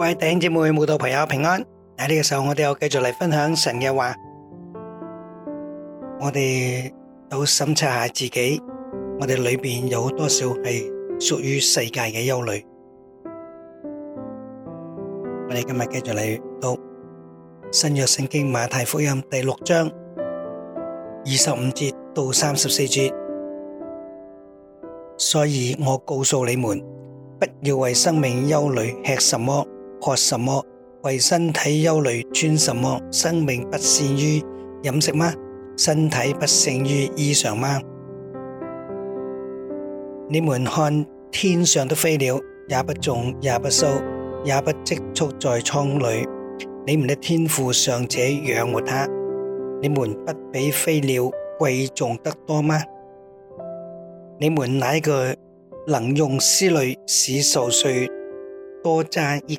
各位弟兄姊妹、慕道朋友平安！喺呢個時候，我哋又繼續嚟分享神嘅話。我哋都審查下自己，我哋裏面有多少係屬於世界嘅憂慮。我哋今日繼續嚟讀新約聖經馬太福音第六章二十五節到三十四節。所以我告訴你們，不要為生命憂慮，吃什麼。喝什麼？為身體憂慮穿什麼？生命不善於飲食嗎？身體不勝於衣裳嗎？你們看天上的飛鳥，也不種也不收，也不積蓄在倉裏，你們的天父尚且養活他，你們不比飛鳥貴重得多嗎？你們哪一個能用思慮使壽數多加一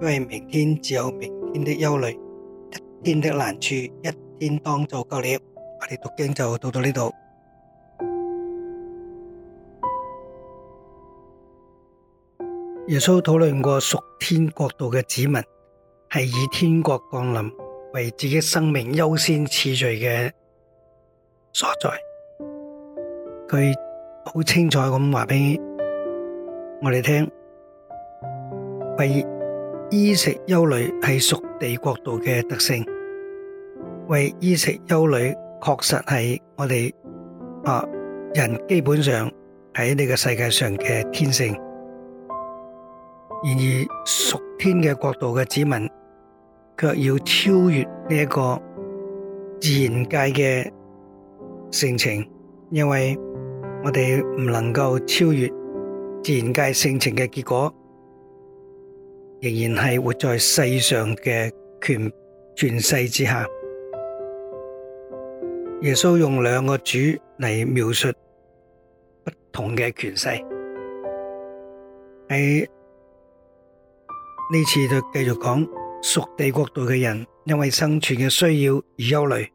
因為明天只有明天的憂慮，一天的難處，一天當就夠了。我哋讀經就到到呢度。耶穌討論過屬天國度嘅子民，係以天國降臨為自己生命優先次序嘅所在。佢好清楚咁話俾我哋聽，為。衣食憂慮係屬地國度嘅特性，為衣食憂慮確實係我哋啊人基本上喺呢個世界上嘅天性。然而，屬天嘅國度嘅子民卻要超越呢一個自然界嘅性情，因為我哋唔能夠超越自然界性情嘅結果。仍然係活在世上嘅權權勢之下。耶穌用兩個主嚟描述不同嘅權勢。喺呢次就繼續講屬地國度嘅人，因為生存嘅需要而憂慮，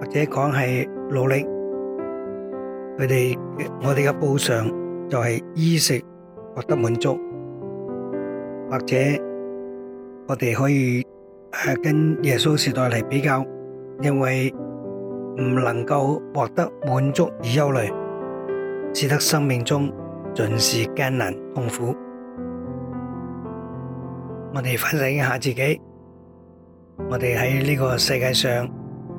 或者講係努力，佢哋我哋嘅報償就係衣食獲得滿足。或者我哋可以誒跟耶穌時代嚟比較，因為唔能夠獲得滿足而憂慮，使得生命中盡是艱難痛苦。我哋反省一下自己，我哋喺呢個世界上，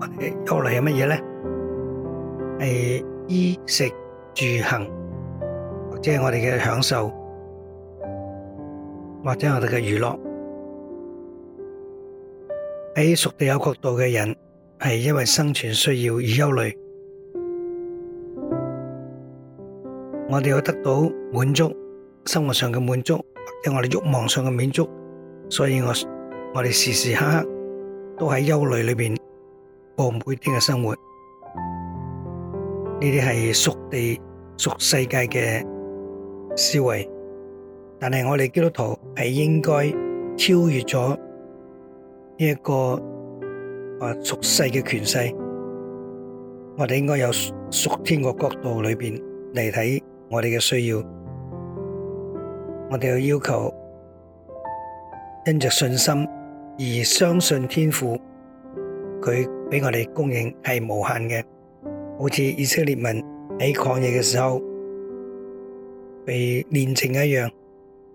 我哋嘅憂慮係乜嘢呢？係衣食住行，或者係我哋嘅享受。或者我哋嘅娛樂，喺屬地有角度嘅人係因為生存需要而憂慮，我哋會得到滿足，生活上嘅滿足或者我哋欲望上嘅滿足，所以我我哋時時刻刻都喺憂慮裏邊過每天嘅生活，呢啲係屬地屬世界嘅思維。但係我哋基督徒係應該超越咗呢一個屬世嘅權勢，我哋應該有屬天個角度裏面嚟睇我哋嘅需要，我哋要要求因着信心而相信天父佢畀我哋供應係無限嘅，好似以色列民喺曠野嘅時候被煉成一樣。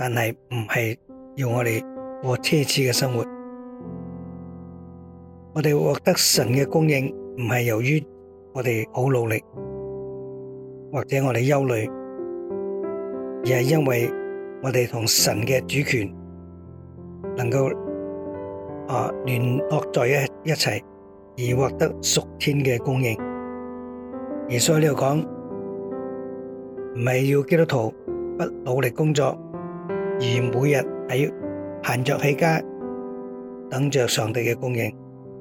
但是唔係要我哋過奢侈嘅生活，我哋獲得神嘅供應唔係由於我哋好努力，或者我哋憂慮，而係因為我哋同神嘅主權能夠啊聯絡在一起，而獲得屬天嘅供應。而所以呢度講唔係要基督徒不努力工作。而每日喺閒著喺家，等着上帝嘅供應，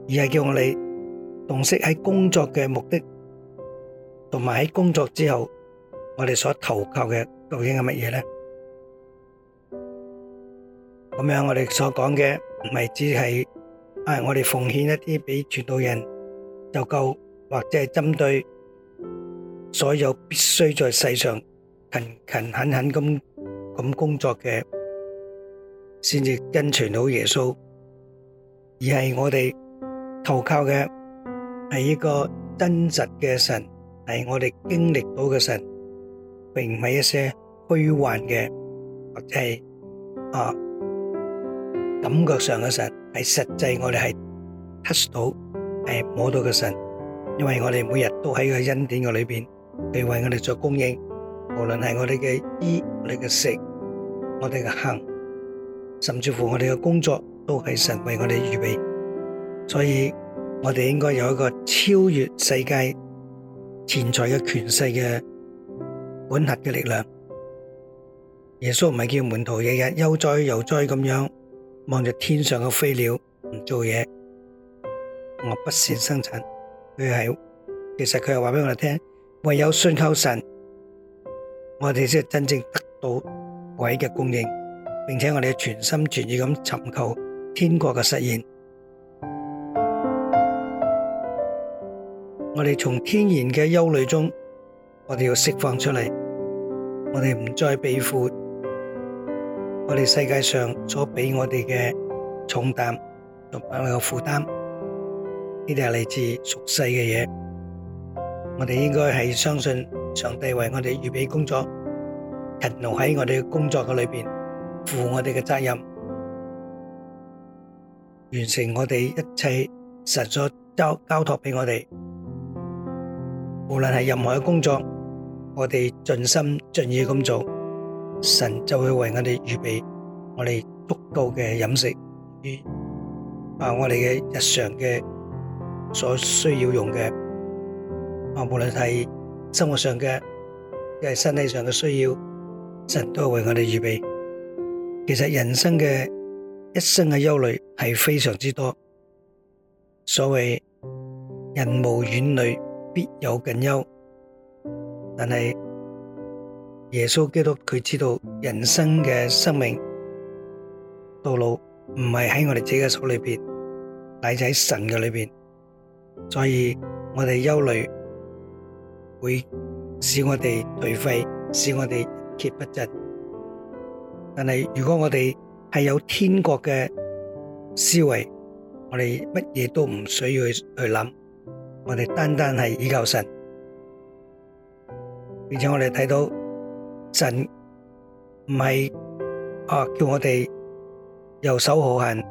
而係叫我哋洞悉喺工作嘅目的，同埋喺工作之後，我哋所投靠嘅究竟係乜嘢咧？咁樣我哋所講嘅唔係只係，誒我哋奉獻一啲俾傳道人就夠，或者係針對所有必須在世上勤勤懇懇咁。咁工作嘅先至跟隨到耶穌，而係我哋投靠嘅係一個真實嘅神，係我哋經歷到嘅神，並唔係一些虛幻嘅或者係啊感覺上嘅神，係實際我哋係 touch 到係摸到嘅神，因為我哋每日都喺個恩典嘅裏邊，佢為我哋做供應，無論係我哋嘅衣，我哋嘅食。我哋嘅行，甚至乎我哋嘅工作，都係神為我哋預備。所以我哋應該有一個超越世界錢財嘅權勢嘅管轄嘅力量。耶穌唔係叫門徒日日悠哉悠哉咁樣，望住天上嘅飛鳥唔做嘢，我不善生產。佢係，其實佢係話俾我哋聽，唯有信靠神，我哋先係真正得到鬼嘅供應，並且我哋全心全意咁尋求天國嘅實現。我哋從天然嘅憂慮中，我哋要釋放出嚟，我哋唔再背負，我哋世界上所俾我哋嘅重擔同埋個負擔，呢啲係嚟自俗世嘅嘢。我哋應該係相信上帝為我哋預備工作。勤勞喺我哋嘅工作嘅裏面，負我哋嘅責任，完成我哋一切神所交交託俾我哋。無論係任何嘅工作，我哋盡心盡意咁做，神就會為我哋預備我哋足夠嘅飲食與啊我哋嘅日常嘅所需要用嘅啊，無論係生活上嘅又係身體上嘅需要。神都為我哋預備。其實人生嘅一生嘅憂慮係非常之多。所謂人無遠慮，必有近憂。但係耶穌基督佢知道人生嘅生命道路唔係喺我哋自己手裏邊，乃在神嘅裏邊。所以我哋憂慮會使我哋頹廢，使我哋。一蹶不振，但係如果我哋係有天國嘅思維，我哋乜嘢都唔需要去諗，我哋單單係依靠神，並且我哋睇到神唔係啊，叫我哋游手好閒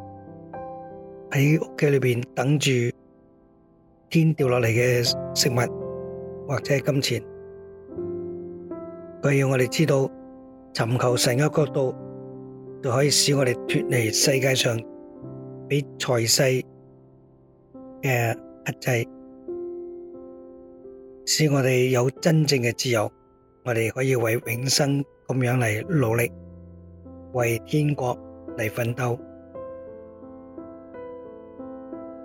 喺屋企裏面等住天掉落嚟嘅食物或者金錢。佢要我哋知道，尋求神嘅角度，就可以使我哋脫離世界上俾財勢嘅壓制，使我哋有真正嘅自由。我哋可以為永生咁樣嚟努力，為天國嚟奮鬥。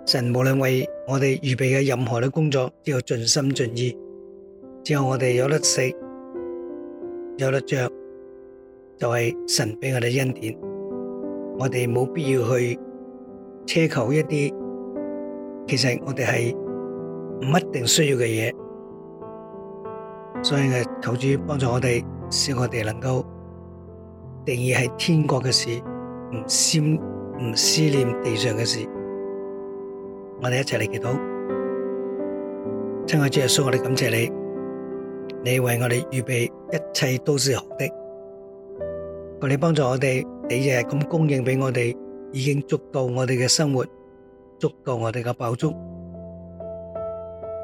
神無論為我哋預備嘅任何嘅工作，都要盡心盡意，只要我哋有得食。有得着就係神畀我哋恩典，我哋冇必要去奢求一啲，其實我哋係唔一定需要嘅嘢。所以求主幫助我哋，使我哋能夠定義係天國嘅事，唔思，唔思念地上嘅事。我哋一齊嚟祈禱，親愛的主耶穌，我哋感謝你。你為我哋預備，一切都是好的。求你幫助我哋，你就係咁供應俾我哋，已經足夠我哋嘅生活，足夠我哋嘅飽足。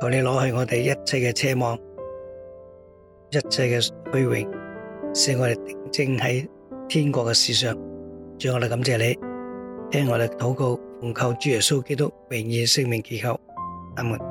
求你攞去我哋一切嘅奢望，一切嘅虛榮，使我哋定睛喺天國嘅事上。主我哋感謝你，聽我哋禱告，奉靠主耶穌基督，永遠生命祈求。阿門。